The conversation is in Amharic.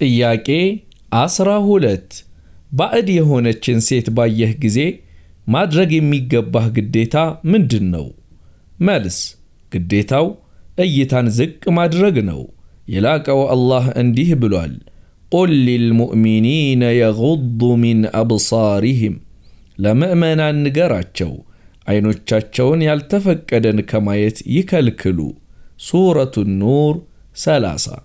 ጥያቄ 12 ባዕድ የሆነችን ሴት ባየህ ጊዜ ማድረግ የሚገባህ ግዴታ ምንድን ነው? መልስ፣ ግዴታው እይታን ዝቅ ማድረግ ነው። የላቀው አላህ እንዲህ ብሏል፣ ቁል ሊልሙእሚኒነ የጉዱ ሚን አብሳሪህም፣ ለምእመና ንገራቸው ዐይኖቻቸውን ያልተፈቀደን ከማየት ይከልክሉ። ሱረቱ ኑር 30